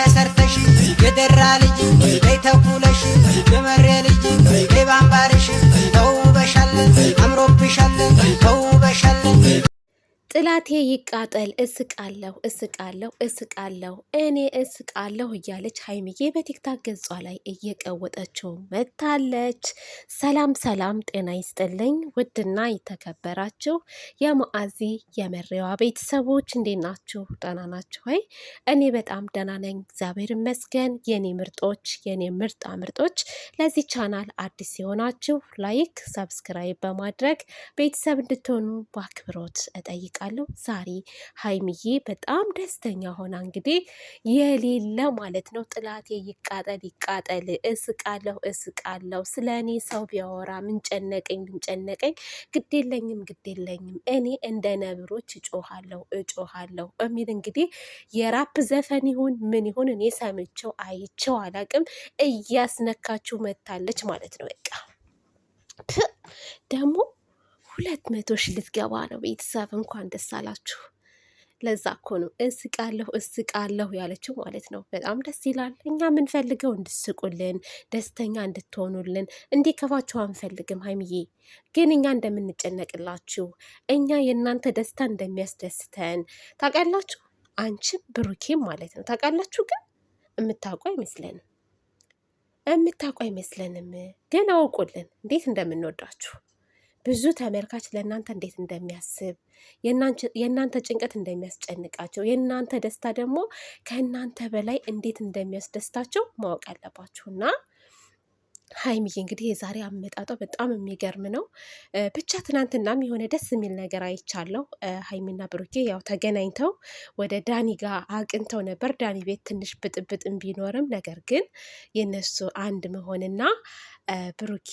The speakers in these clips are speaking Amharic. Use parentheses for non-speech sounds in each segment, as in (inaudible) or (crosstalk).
ተሰርተሽ የደራ ልጅ ተይ የመሬ ልጅ ባምባሬ ጥላቴ ይቃጠል እስቃለሁ እስቃለሁ እስቃለሁ እኔ እስቃለሁ እያለች ሀይሚዬ በቲክታክ ገጿ ላይ እየቀወጠችው መታለች። ሰላም ሰላም፣ ጤና ይስጥልኝ ውድና የተከበራችሁ የማአዚ የመሬዋ ቤተሰቦች እንዴት ናችሁ? ደህና ናችሁ ወይ? እኔ በጣም ደህና ነኝ፣ እግዚአብሔር ይመስገን። የኔ ምርጦች የኔ ምርጣ ምርጦች፣ ለዚህ ቻናል አዲስ የሆናችሁ ላይክ፣ ሰብስክራይብ በማድረግ ቤተሰብ እንድትሆኑ በአክብሮት እጠይቃለሁ። አውቃለሁ። ዛሬ ሀይሚዬ በጣም ደስተኛ ሆና እንግዲህ የሌለ ማለት ነው ጥላቴ ይቃጠል ይቃጠል፣ እስቃለሁ እስቃለሁ፣ ስለ እኔ ሰው ቢያወራ ምንጨነቀኝ ምንጨነቀኝ፣ ግዴለኝም ግዴለኝም፣ እኔ እንደ ነብሮች እጮሃለሁ እጮሃለሁ የሚል እንግዲህ የራፕ ዘፈን ይሁን ምን ይሁን እኔ ሰምቼው አይቼው አላቅም። እያስነካችሁ መታለች ማለት ነው በቃ ደግሞ ሁለት መቶ ሺህ ልትገባ ነው። ቤተሰብ እንኳን ደስ አላችሁ። ለዛ እኮ ነው እስቃለሁ እስቃለሁ ያለችው ማለት ነው። በጣም ደስ ይላል። እኛ የምንፈልገው እንድስቁልን፣ ደስተኛ እንድትሆኑልን፣ እንዲከፋችሁ አንፈልግም። ሀይምዬ ግን እኛ እንደምንጨነቅላችሁ፣ እኛ የእናንተ ደስታ እንደሚያስደስተን ታውቃላችሁ። አንቺም ብሩኬም ማለት ነው ታውቃላችሁ። ግን የምታውቁ አይመስለንም፣ የምታውቁ አይመስለንም። ግን አውቁልን እንዴት እንደምንወዳችሁ ብዙ ተመልካች ለእናንተ እንዴት እንደሚያስብ የእናንተ ጭንቀት እንደሚያስጨንቃቸው የእናንተ ደስታ ደግሞ ከእናንተ በላይ እንዴት እንደሚያስደስታቸው ማወቅ አለባችሁና ሀይሚዬ እንግዲህ የዛሬ አመጣጧ በጣም የሚገርም ነው። ብቻ ትናንትናም የሆነ ደስ የሚል ነገር አይቻለሁ። ሀይሚና ብሩኬ ያው ተገናኝተው ወደ ዳኒ ጋር አቅንተው ነበር። ዳኒ ቤት ትንሽ ብጥብጥ ቢኖርም ነገር ግን የነሱ አንድ መሆንና ብሩኬ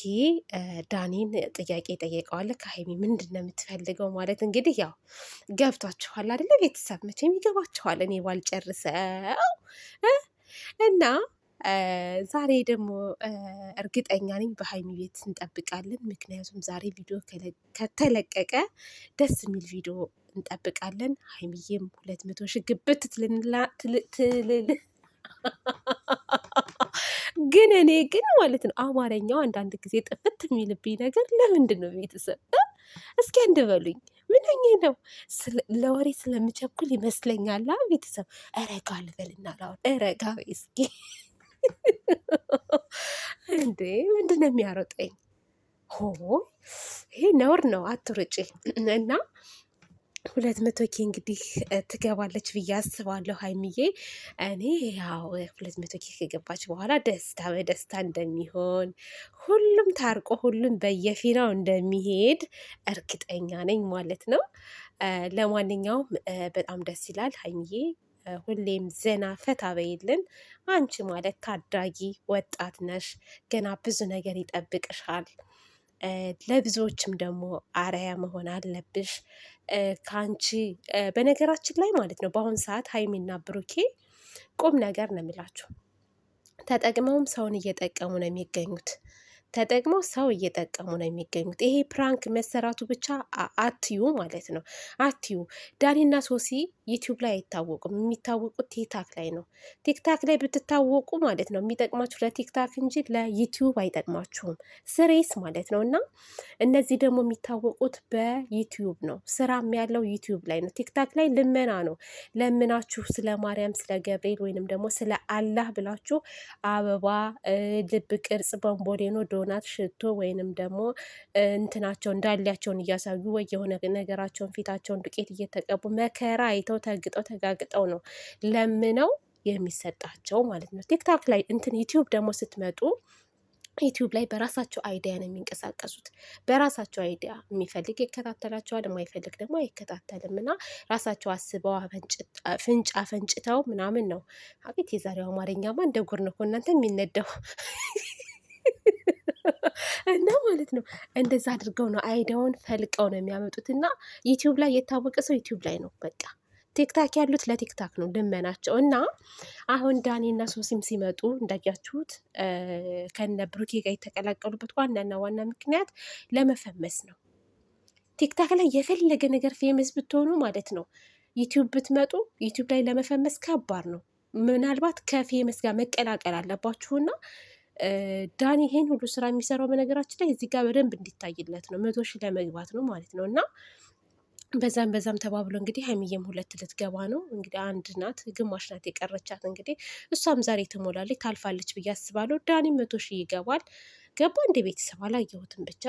ዳኒን ጥያቄ ጠየቀዋል። ከሀይሚ ምንድን ነው የምትፈልገው ማለት እንግዲህ ያው ገብቷችኋል አይደለ? ቤተሰብ መቼም ይገባችኋል። እኔ ባልጨርሰው እና ዛሬ ደግሞ እርግጠኛ ነኝ በሀይሚ ቤት እንጠብቃለን። ምክንያቱም ዛሬ ቪዲዮ ከተለቀቀ ደስ የሚል ቪዲዮ እንጠብቃለን። ሀይሚዬም ሁለት መቶ ሺህ ግብት ትልል። (laughs) ግን እኔ ግን ማለት ነው አማርኛው አንዳንድ ጊዜ ጥፍት የሚልብኝ ነገር ለምንድን ነው ቤተሰብ እስኪ አንድ በሉኝ። ነው ለወሬ ስለምቸኩል ይመስለኛል። ቤተሰብ እረጋ ልበልና ላሁን እረጋ እስኪ እንዴ ምንድን ነው የሚያሮጠኝ? ሆ ይሄ ነውር ነው። አትሩጪ እና ሁለት መቶ ኬ እንግዲህ ትገባለች ብዬ አስባለሁ። ሀይሚዬ እኔ ያው ሁለት መቶ ኬ ከገባች በኋላ ደስታ በደስታ እንደሚሆን ሁሉም ታርቆ ሁሉም በየፊናው እንደሚሄድ እርግጠኛ ነኝ ማለት ነው። ለማንኛውም በጣም ደስ ይላል ሀይሚዬ ሁሌም ዘና ፈታ በይልን። አንቺ ማለት ታዳጊ ወጣት ነሽ፣ ገና ብዙ ነገር ይጠብቅሻል። ለብዙዎችም ደግሞ አርያ መሆን አለብሽ። ከአንቺ በነገራችን ላይ ማለት ነው በአሁኑ ሰዓት ሀይሚና ብሩኬ ቁም ነገር ነው የሚላችሁ። ተጠቅመውም ሰውን እየጠቀሙ ነው የሚገኙት ተጠቅመው ሰው እየጠቀሙ ነው የሚገኙት። ይሄ ፕራንክ መሰራቱ ብቻ አትዩ ማለት ነው አትዩ። ዳኒና ሶሲ ዩቲዩብ ላይ አይታወቁም። የሚታወቁት ቲክታክ ላይ ነው። ቲክታክ ላይ ብትታወቁ ማለት ነው የሚጠቅማችሁ ለቲክታክ እንጂ ለዩቲዩብ አይጠቅማችሁም። ስሬስ ማለት ነው። እና እነዚህ ደግሞ የሚታወቁት በዩቲዩብ ነው። ስራም ያለው ዩቲዩብ ላይ ነው። ቲክታክ ላይ ልመና ነው። ለምናችሁ ስለ ማርያም፣ ስለ ገብርኤል ወይንም ደግሞ ስለ አላህ ብላችሁ አበባ፣ ልብ ቅርጽ፣ ቦምቦሌኖ፣ ዶናት፣ ሽቶ ወይንም ደግሞ እንትናቸው እንዳሊያቸውን እያሳዩ ወይ የሆነ ነገራቸውን ፊታቸውን ዱቄት እየተቀቡ መከራ አይተው ተይዘው ተግጠው ተጋግጠው ነው ለምነው የሚሰጣቸው ማለት ነው። ቲክታክ ላይ እንትን ዩቲዩብ ደግሞ ስትመጡ ዩቲዩብ ላይ በራሳቸው አይዲያ ነው የሚንቀሳቀሱት። በራሳቸው አይዲያ የሚፈልግ ይከታተላቸዋል፣ የማይፈልግ ደግሞ አይከታተልም። እና ራሳቸው አስበው ፍንጭ አፈንጭተው ምናምን ነው። አቤት የዛሬው አማርኛማ እንደ ጉር ነው እናንተ የሚነደው (laughs) እና ማለት ነው እንደዛ አድርገው ነው አይዲያውን ፈልቀው ነው የሚያመጡት። እና ዩቲዩብ ላይ የታወቀ ሰው ዩቲዩብ ላይ ነው በቃ ቲክታክ ያሉት ለቲክታክ ነው ልመናቸው። እና አሁን እና ሶሲም ሲመጡ እንዳያችሁት ከነ ብሩኬ ጋር የተቀላቀሉበት ዋናና ዋና ምክንያት ለመፈመስ ነው። ቲክታክ ላይ የፈለገ ነገር ፌመስ ብትሆኑ ማለት ነው ዩቲዩብ ብትመጡ ዩቲዩብ ላይ ለመፈመስ ከባድ ነው። ምናልባት ከፌመስ ጋር መቀላቀል አለባችሁና ዳኒ ይሄን ሁሉ ስራ የሚሰራው በነገራችን ላይ እዚህ ጋር በደንብ እንዲታይለት ነው። መቶ ሺህ ለመግባት ነው ማለት ነው እና በዛም በዛም ተባብሎ እንግዲህ ሀይሚዬም ሁለት ልትገባ ነው እንግዲህ አንድ ናት ግማሽ ናት የቀረቻት። እንግዲህ እሷም ዛሬ ትሞላለች ታልፋለች ብዬ አስባለሁ። ዳኒ መቶ ሺህ ይገባል ገባ እንደ ቤተሰብ አላየሁትም፣ ብቻ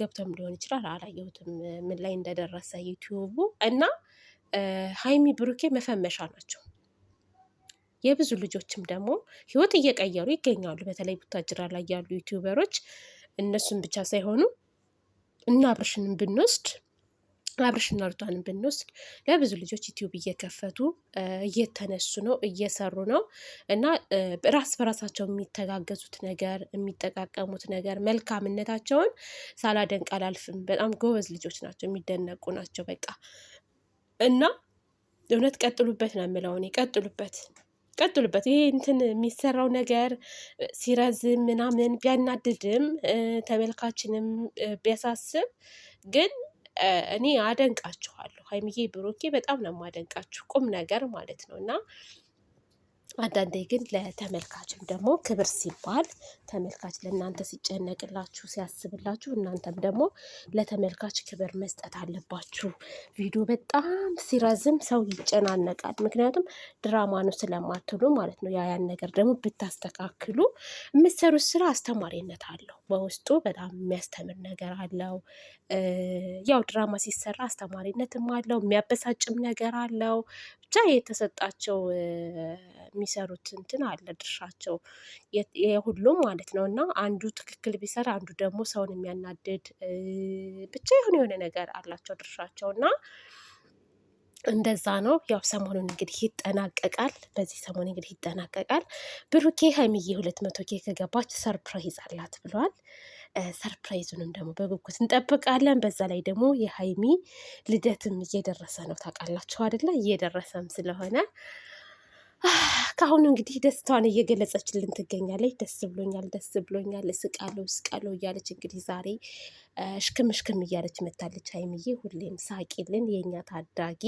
ገብተም ሊሆን ይችላል አላየሁትም፣ ምን ላይ እንደደረሰ ዩቲዩቡ እና ሀይሚ ብሩኬ መፈመሻ ናቸው። የብዙ ልጆችም ደግሞ ህይወት እየቀየሩ ይገኛሉ። በተለይ ቡታጅራ ላይ ያሉ ዩቲዩበሮች እነሱን ብቻ ሳይሆኑ እና አብርሽንም ብንወስድ አብርሽና ሩታን ብንወስድ ለብዙ ልጆች ዩቲዩብ እየከፈቱ እየተነሱ ነው፣ እየሰሩ ነው እና ራስ በራሳቸው የሚተጋገዙት ነገር የሚጠቃቀሙት ነገር መልካምነታቸውን ሳላደንቅ አላልፍም። በጣም ጎበዝ ልጆች ናቸው፣ የሚደነቁ ናቸው። በቃ እና እውነት ቀጥሉበት ነው የምለው እኔ ቀጥሉበት ቀጥሉበት ይሄ እንትን የሚሰራው ነገር ሲረዝም ምናምን ቢያናድድም ተመልካችንም ቢያሳስብ ግን እኔ አደንቃችኋለሁ። ሀይሚዬ ብሩኬ በጣም ነው የማደንቃችሁ ቁም ነገር ማለት ነው እና አንዳንዴ ግን ለተመልካችም ደግሞ ክብር ሲባል ተመልካች ለእናንተ ሲጨነቅላችሁ ሲያስብላችሁ እናንተም ደግሞ ለተመልካች ክብር መስጠት አለባችሁ። ቪዲዮ በጣም ሲረዝም ሰው ይጨናነቃል። ምክንያቱም ድራማ ነው ስለማትሉ ማለት ነው። ያ ያን ነገር ደግሞ ብታስተካክሉ የምትሰሩት ስራ አስተማሪነት አለው በውስጡ በጣም የሚያስተምር ነገር አለው። ያው ድራማ ሲሰራ አስተማሪነትም አለው፣ የሚያበሳጭም ነገር አለው። ብቻ የተሰጣቸው የሚሰሩት እንትን አለ ድርሻቸው የሁሉም ማለት ነው። እና አንዱ ትክክል ቢሰራ አንዱ ደግሞ ሰውን የሚያናድድ ብቻ የሆነ የሆነ ነገር አላቸው ድርሻቸው እና እንደዛ ነው ያው ሰሞኑን እንግዲህ ይጠናቀቃል። በዚህ ሰሞን እንግዲህ ይጠናቀቃል። ብሩኬ ሀይሚዬ ሁለት መቶ ኬ ከገባች ሰርፕራይዝ አላት ብሏል። ሰርፕራይዙንም ደግሞ በጉጉት እንጠብቃለን። በዛ ላይ ደግሞ የሀይሚ ልደትም እየደረሰ ነው ታውቃላችሁ አደለ? እየደረሰም ስለሆነ ከአሁኑ እንግዲህ ደስታዋን እየገለጸችልን ትገኛለች። ደስ ብሎኛል፣ ደስ ብሎኛል፣ እስቃለሁ፣ እስቃለሁ እያለች እንግዲህ ዛሬ እሽክም እሽክም እያለች መታለች። ሀይሚዬ ሁሌም ሳቂልን፣ የእኛ ታዳጊ፣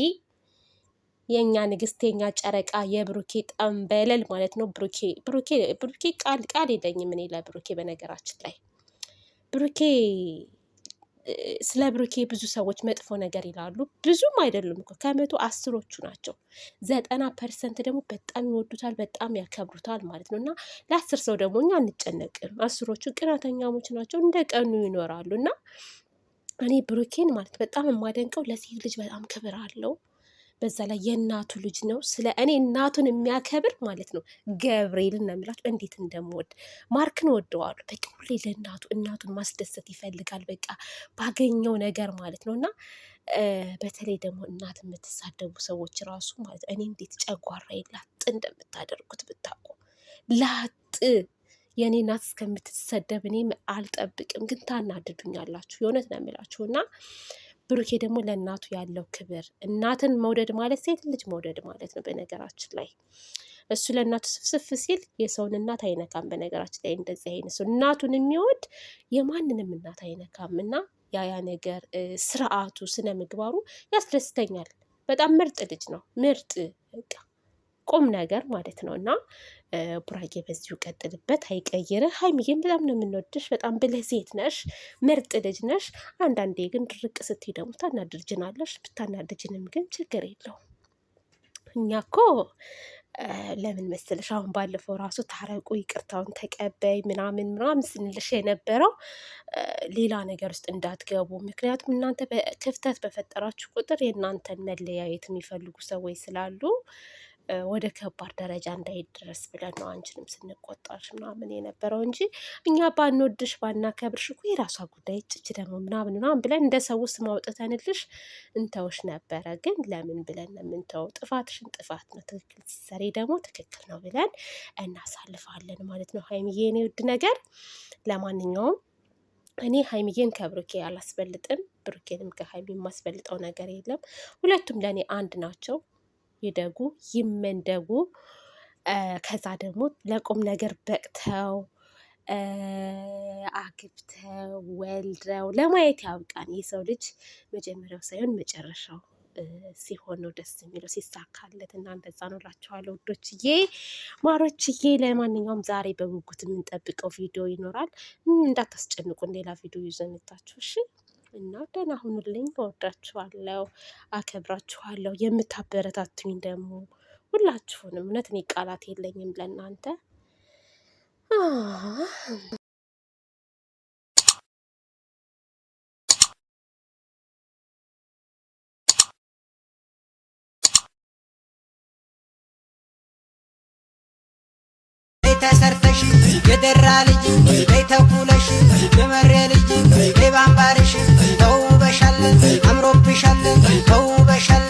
የእኛ ንግስት፣ የእኛ ጨረቃ፣ የብሩኬ ጠንበለል ማለት ነው። ብሩኬ ብሩኬ ብሩኬ ቃል ቃል የለኝም እኔ ለብሩኬ በነገራችን ላይ ብሩኬ ስለ ብሩኬ ብዙ ሰዎች መጥፎ ነገር ይላሉ። ብዙም አይደሉም እኮ ከመቶ አስሮቹ ናቸው። ዘጠና ፐርሰንት ደግሞ በጣም ይወዱታል፣ በጣም ያከብሩታል ማለት ነው። እና ለአስር ሰው ደግሞ እኛ አንጨነቅም። አስሮቹ ቅናተኛሞች ናቸው፣ እንደ ቀኑ ይኖራሉ። እና እኔ ብሩኬን ማለት በጣም የማደንቀው ለሴት ልጅ በጣም ክብር አለው በዛ ላይ የእናቱ ልጅ ነው። ስለ እኔ እናቱን የሚያከብር ማለት ነው። ገብርኤልን ነው የምላችሁ እንዴት እንደምወድ ማርክን ወደዋሉ። በቃ ሁሌ ለእናቱ እናቱን ማስደሰት ይፈልጋል። በቃ ባገኘው ነገር ማለት ነው እና በተለይ ደግሞ እናት የምትሳደቡ ሰዎች ራሱ ማለት እኔ እንዴት ጨጓራ ላጥ እንደምታደርጉት ብታውቁ። ላጥ የእኔ እናት እስከምትሰደብ እኔ አልጠብቅም፣ ግን ታናድዱኛላችሁ። የእውነት ነው የምላችሁ እና ብሩኬ ደግሞ ለእናቱ ያለው ክብር፣ እናትን መውደድ ማለት ሴት ልጅ መውደድ ማለት ነው። በነገራችን ላይ እሱ ለእናቱ ስፍስፍ ሲል የሰውን እናት አይነካም። በነገራችን ላይ እንደዚህ አይነት ሰው እናቱን የሚወድ የማንንም እናት አይነካም። እና ያ ያ ነገር ስርዓቱ፣ ስነ ምግባሩ ያስደስተኛል። በጣም ምርጥ ልጅ ነው። ምርጥ ቁም ነገር ማለት ነው። እና ቡራጌ በዚሁ ቀጥልበት፣ አይቀይርህ። ሀይሚዬን በጣም ነው የምንወድሽ። በጣም ብልህ ሴት ነሽ፣ ምርጥ ልጅ ነሽ። አንዳንዴ ግን ድርቅ ስትይ ደግሞ ታናድርጅናለሽ። ብታናድጅንም ግን ችግር የለው እኛ እኮ ለምን መሰለሽ አሁን ባለፈው ራሱ ታረቁ ይቅርታውን ተቀበይ ምናምን ምናምን ስንልሽ የነበረው ሌላ ነገር ውስጥ እንዳትገቡ፣ ምክንያቱም እናንተ ክፍተት በፈጠራችሁ ቁጥር የእናንተን መለያየት የሚፈልጉ ሰዎች ስላሉ ወደ ከባድ ደረጃ እንዳይደረስ ብለን ነው አንችንም ስንቆጣሽ ምናምን የነበረው እንጂ እኛ ባንወድሽ ባናከብርሽ እኮ የራሷ ጉዳይ ጭች ደግሞ ምናምን ምናምን ብለን እንደ ሰው ውስጥ አውጥተንልሽ እንተውሽ ነበረ። ግን ለምን ብለን የምንተው? ጥፋትሽን ጥፋት ነው፣ ትክክል ስትሰሪ ደግሞ ትክክል ነው ብለን እናሳልፋለን ማለት ነው። ሀይሚዬ የኔ ውድ ነገር ለማንኛውም እኔ ሀይሚዬን ከብሩኬ አላስበልጥም፣ ብሩኬንም ከሀይሚ የማስበልጠው ነገር የለም። ሁለቱም ለእኔ አንድ ናቸው። ይደጉ ይመንደጉ። ከዛ ደግሞ ለቁም ነገር በቅተው አግብተው ወልደው ለማየት ያብቃን። የሰው ልጅ መጀመሪያው ሳይሆን መጨረሻው ሲሆን ነው ደስ የሚለው ሲሳካለት እና እንደዛ ነው እላችኋለሁ ውዶችዬ ማሮችዬ። ለማንኛውም ዛሬ በጉጉት የምንጠብቀው ቪዲዮ ይኖራል። እንዳታስጨንቁን ሌላ ቪዲዮ ይዘንታችሁ እሺ። እና ደህና ሁኑልኝ። እወዳችኋለሁ፣ አከብራችኋለሁ። የምታበረታቱኝ ደግሞ ሁላችሁንም እውነት እኔ ቃላት የለኝም ለእናንተ። ተሰርተ ተው በሸል